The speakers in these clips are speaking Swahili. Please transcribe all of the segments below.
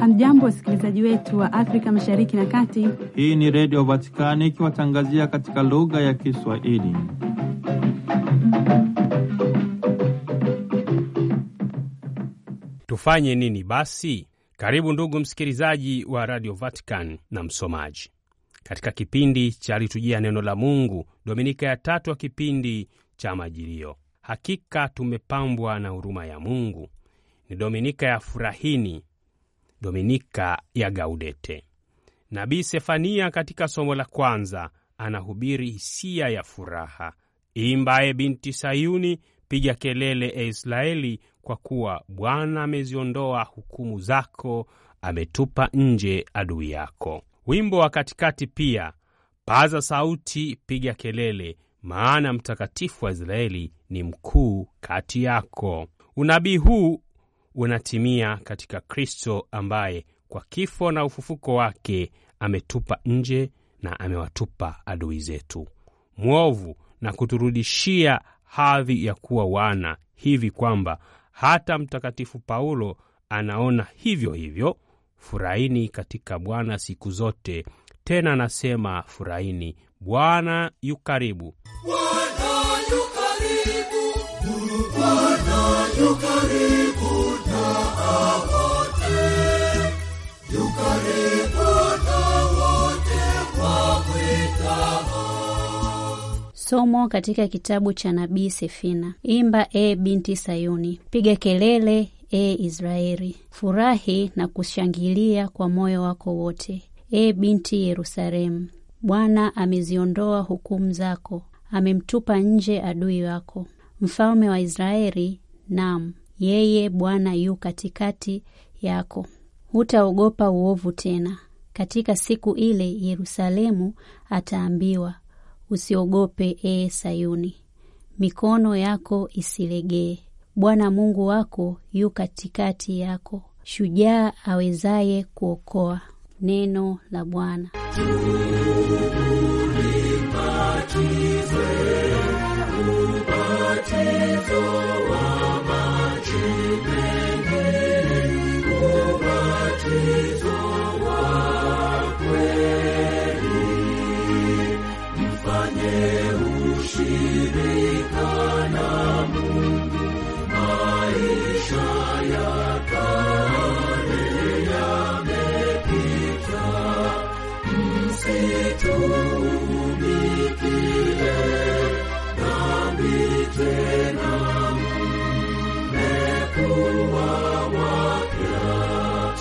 Hamjambo, wasikilizaji wetu wa Afrika mashariki na kati. Hii ni Redio Vatikani ikiwatangazia katika lugha ya Kiswahili. Tufanye nini basi? Karibu ndugu msikilizaji wa Radio Vatican na msomaji katika kipindi cha litujia neno la Mungu, dominika ya tatu ya kipindi cha Majilio. Hakika tumepambwa na huruma ya Mungu. Ni Dominika ya Furahini, Dominika ya Gaudete. Nabii Sefania katika somo la kwanza anahubiri hisia ya furaha: imbaye binti Sayuni, piga kelele e Israeli, kwa kuwa Bwana ameziondoa hukumu zako, ametupa nje adui yako. Wimbo wa katikati pia: paza sauti, piga kelele maana mtakatifu wa Israeli ni mkuu kati yako. Unabii huu unatimia katika Kristo ambaye kwa kifo na ufufuko wake ametupa nje na amewatupa adui zetu mwovu na kuturudishia hadhi ya kuwa wana, hivi kwamba hata Mtakatifu Paulo anaona hivyo hivyo: furahini katika Bwana siku zote, tena anasema furahini, Bwana yu karibu. Somo katika kitabu cha nabii Sefina. Imba e binti Sayuni, piga kelele e Israeli, furahi na kushangilia kwa moyo wako wote, E binti Yerusalemu, Bwana ameziondoa hukumu zako, amemtupa nje adui wako, mfalme wa Israeli. Naam, yeye Bwana yu katikati yako, hutaogopa uovu tena. Katika siku ile Yerusalemu ataambiwa, usiogope ee Sayuni, mikono yako isilegee. Bwana Mungu wako yu katikati yako, shujaa awezaye kuokoa. Neno la Bwana.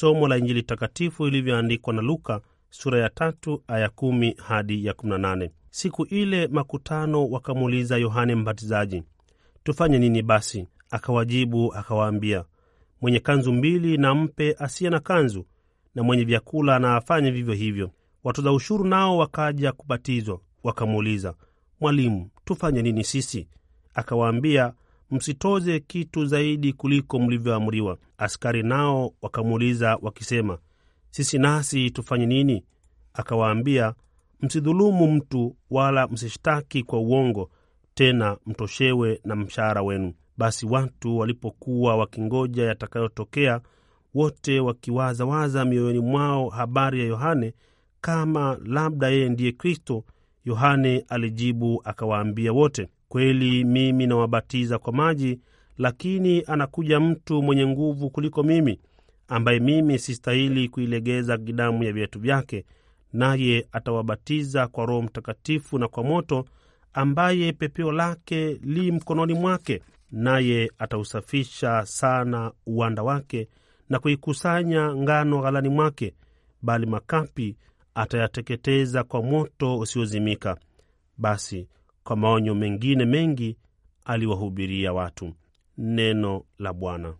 somo la Injili takatifu ilivyoandikwa na Luka sura ya tatu aya kumi hadi ya kumi na nane. Siku ile makutano wakamuuliza Yohane Mbatizaji, tufanye nini basi? Akawajibu akawaambia, mwenye kanzu mbili na mpe asiye na kanzu, na mwenye vyakula na afanye vivyo hivyo. Watoza ushuru nao wakaja kubatizwa, wakamuuliza, Mwalimu, tufanye nini sisi? Akawaambia, msitoze kitu zaidi kuliko mlivyoamriwa. Askari nao wakamuuliza wakisema, sisi nasi tufanye nini? Akawaambia, msidhulumu mtu wala msishtaki kwa uongo, tena mtoshewe na mshahara wenu. Basi watu walipokuwa wakingoja yatakayotokea, wote wakiwazawaza mioyoni mwao habari ya Yohane kama labda yeye ndiye Kristo, Yohane alijibu akawaambia wote, Kweli mimi nawabatiza kwa maji, lakini anakuja mtu mwenye nguvu kuliko mimi, ambaye mimi sistahili kuilegeza gidamu ya viatu vyake, naye atawabatiza kwa Roho Mtakatifu na kwa moto, ambaye pepeo lake li mkononi mwake, naye atausafisha sana uwanda wake na kuikusanya ngano ghalani mwake, bali makapi atayateketeza kwa moto usiozimika. Basi kwa maonyo mengine mengi aliwahubiria watu neno la Bwana.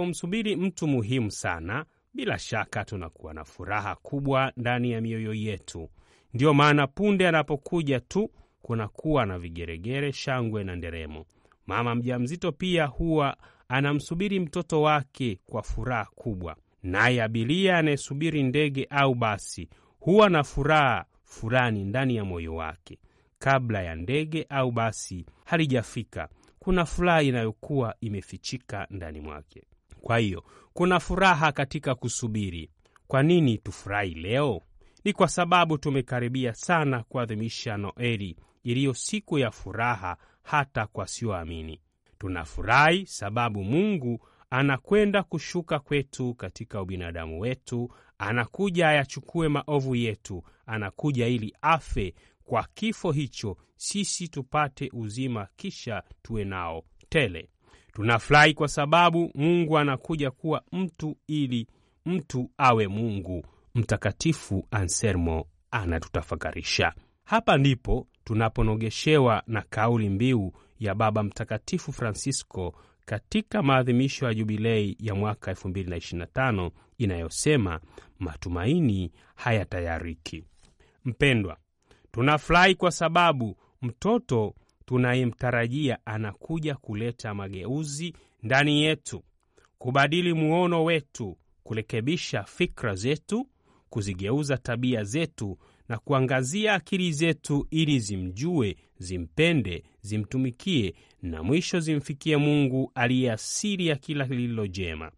tunapomsubiri mtu muhimu sana, bila shaka tunakuwa na furaha kubwa ndani ya mioyo yetu. Ndiyo maana punde anapokuja tu kunakuwa na vigeregere, shangwe na nderemo. Mama mjamzito pia huwa anamsubiri mtoto wake kwa furaha kubwa, naye abiria anayesubiri ndege au basi huwa na furaha fulani ndani ya moyo wake. Kabla ya ndege au basi halijafika, kuna furaha inayokuwa imefichika ndani mwake. Kwa hiyo kuna furaha katika kusubiri. Kwa nini tufurahi leo? Ni kwa sababu tumekaribia sana kuadhimisha Noeli iliyo siku ya furaha hata kwa sioamini. Tunafurahi sababu Mungu anakwenda kushuka kwetu katika ubinadamu wetu, anakuja ayachukue maovu yetu, anakuja ili afe kwa kifo hicho, sisi tupate uzima, kisha tuwe nao tele. Tunafurahi kwa sababu Mungu anakuja kuwa mtu ili mtu awe Mungu. Mtakatifu Anselmo anatutafakarisha. Hapa ndipo tunaponogeshewa na kauli mbiu ya Baba Mtakatifu Francisco katika maadhimisho ya jubilei ya mwaka 2025 inayosema matumaini hayatayariki. Mpendwa, tunafurahi kwa sababu mtoto tunayemtarajia anakuja kuleta mageuzi ndani yetu, kubadili muono wetu, kurekebisha fikra zetu, kuzigeuza tabia zetu na kuangazia akili zetu ili zimjue, zimpende, zimtumikie na mwisho zimfikie Mungu aliye asili ya kila lililo jema.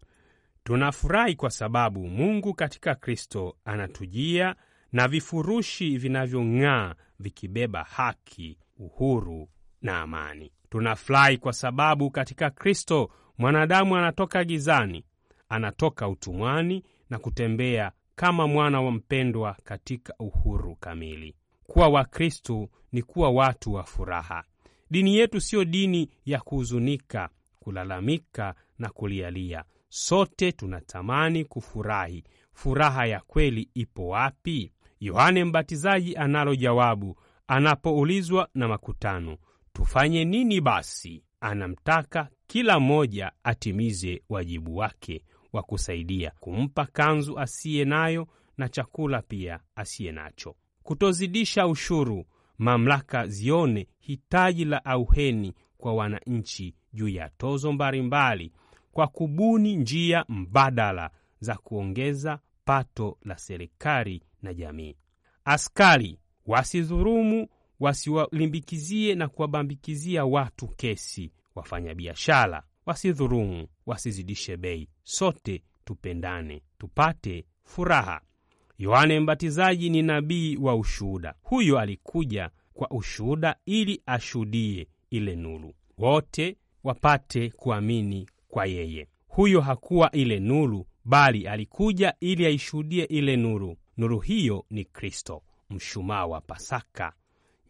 Tunafurahi kwa sababu Mungu katika Kristo anatujia na vifurushi vinavyong'aa vikibeba haki, uhuru na amani. Tunafurahi kwa sababu katika Kristo mwanadamu anatoka gizani, anatoka utumwani na kutembea kama mwana wa mpendwa katika uhuru kamili. Kuwa Wakristu ni kuwa watu wa furaha. Dini yetu siyo dini ya kuhuzunika, kulalamika na kulialia. Sote tunatamani kufurahi. Furaha ya kweli ipo wapi? Yohane Mbatizaji analo jawabu anapoulizwa na makutano, Tufanye nini basi? Anamtaka kila mmoja atimize wajibu wake wa kusaidia kumpa kanzu asiye nayo na chakula pia asiye nacho. Kutozidisha ushuru, mamlaka zione hitaji la auheni kwa wananchi juu ya tozo mbalimbali kwa kubuni njia mbadala za kuongeza pato la serikali na jamii. Askari wasidhulumu wasiwalimbikizie na kuwabambikizia watu kesi, wafanyabiashara wasidhurumu, wasizidishe bei, sote tupendane, tupate furaha. Yohane Mbatizaji ni nabii wa ushuhuda. Huyo alikuja kwa ushuhuda ili ashuhudie ile nuru, wote wapate kuamini kwa yeye. Huyo hakuwa ile nuru, bali alikuja ili aishuhudie ile nuru. Nuru hiyo ni Kristo, mshumaa wa Pasaka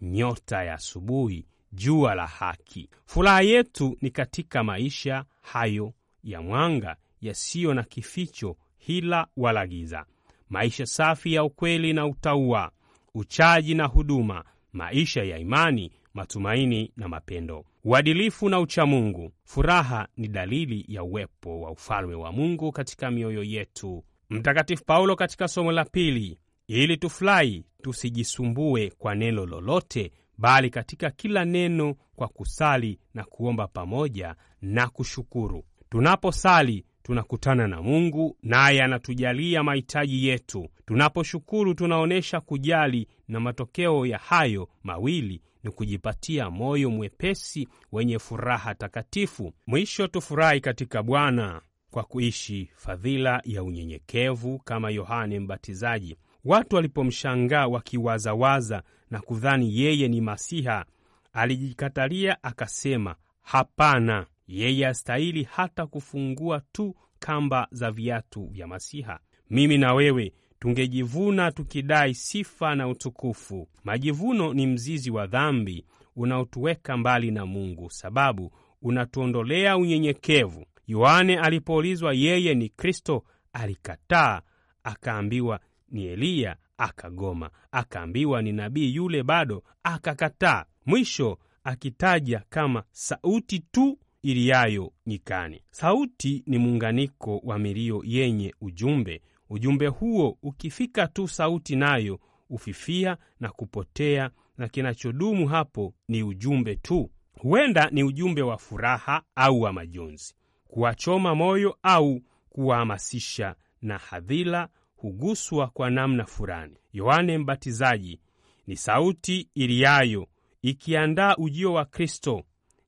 nyota ya asubuhi, jua la haki. Furaha yetu ni katika maisha hayo ya mwanga yasiyo na kificho, hila wala giza, maisha safi ya ukweli na utaua uchaji na huduma, maisha ya imani, matumaini na mapendo, uadilifu na uchamungu. Furaha ni dalili ya uwepo wa ufalme wa Mungu katika mioyo yetu. Mtakatifu Paulo katika somo la pili ili tufurahi, tusijisumbue kwa neno lolote, bali katika kila neno kwa kusali na kuomba pamoja na kushukuru. Tunaposali tunakutana na Mungu, naye anatujalia mahitaji yetu. Tunaposhukuru tunaonyesha kujali, na matokeo ya hayo mawili ni kujipatia moyo mwepesi wenye furaha takatifu. Mwisho, tufurahi katika Bwana kwa kuishi fadhila ya unyenyekevu kama Yohane Mbatizaji Watu walipomshangaa wakiwazawaza na kudhani yeye ni Masiha, alijikatalia akasema, hapana, yeye astahili hata kufungua tu kamba za viatu vya Masiha. Mimi na wewe tungejivuna tukidai sifa na utukufu. Majivuno ni mzizi wa dhambi unaotuweka mbali na Mungu, sababu unatuondolea unyenyekevu. Yohane alipoulizwa yeye ni Kristo, alikataa akaambiwa ni Eliya, akagoma, akaambiwa ni nabii yule, bado akakataa, mwisho akitaja kama sauti tu iliyayo nyikani. Sauti ni muunganiko wa milio yenye ujumbe. Ujumbe huo ukifika tu, sauti nayo ufifia na kupotea, na kinachodumu hapo ni ujumbe tu. Huenda ni ujumbe wa furaha au wa majonzi, kuwachoma moyo au kuwahamasisha na hadhila huguswa kwa namna fulani. Yohane Mbatizaji ni sauti iliyayo ikiandaa ujio wa Kristo,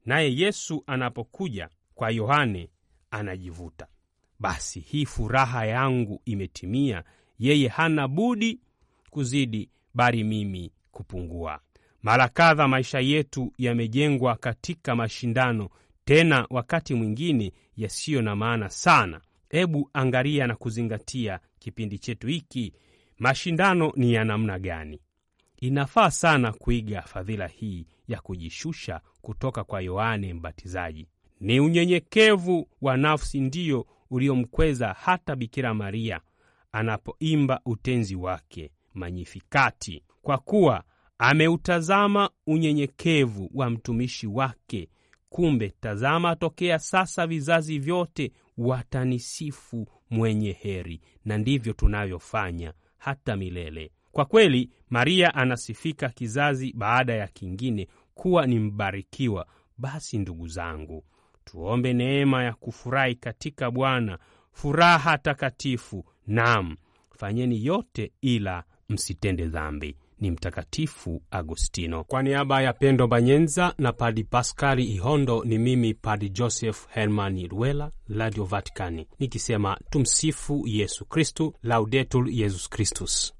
naye Yesu anapokuja kwa Yohane anajivuta, basi hii furaha yangu imetimia. Yeye hana budi kuzidi, bali mimi kupungua. Mara kadha maisha yetu yamejengwa katika mashindano, tena wakati mwingine yasiyo na maana sana. Hebu angalia na kuzingatia kipindi chetu hiki, mashindano ni ya namna gani? Inafaa sana kuiga fadhila hii ya kujishusha kutoka kwa Yohane Mbatizaji. Ni unyenyekevu wa nafsi ndiyo uliomkweza hata Bikira Maria anapoimba utenzi wake Magnifikati, kwa kuwa ameutazama unyenyekevu wa mtumishi wake. Kumbe tazama, tokea sasa vizazi vyote watanisifu mwenye heri, na ndivyo tunavyofanya hata milele. Kwa kweli, Maria anasifika kizazi baada ya kingine kuwa ni mbarikiwa. Basi ndugu zangu, tuombe neema ya kufurahi katika Bwana, furaha takatifu. Naam, fanyeni yote ila msitende dhambi ni Mtakatifu Agustino. Kwa niaba ya Pendo Banyenza na Padi Paskari Ihondo, ni mimi Padi Joseph Hermani Ruela, Radio Vaticani, nikisema tumsifu Yesu Kristu, laudetul Yesus Kristus.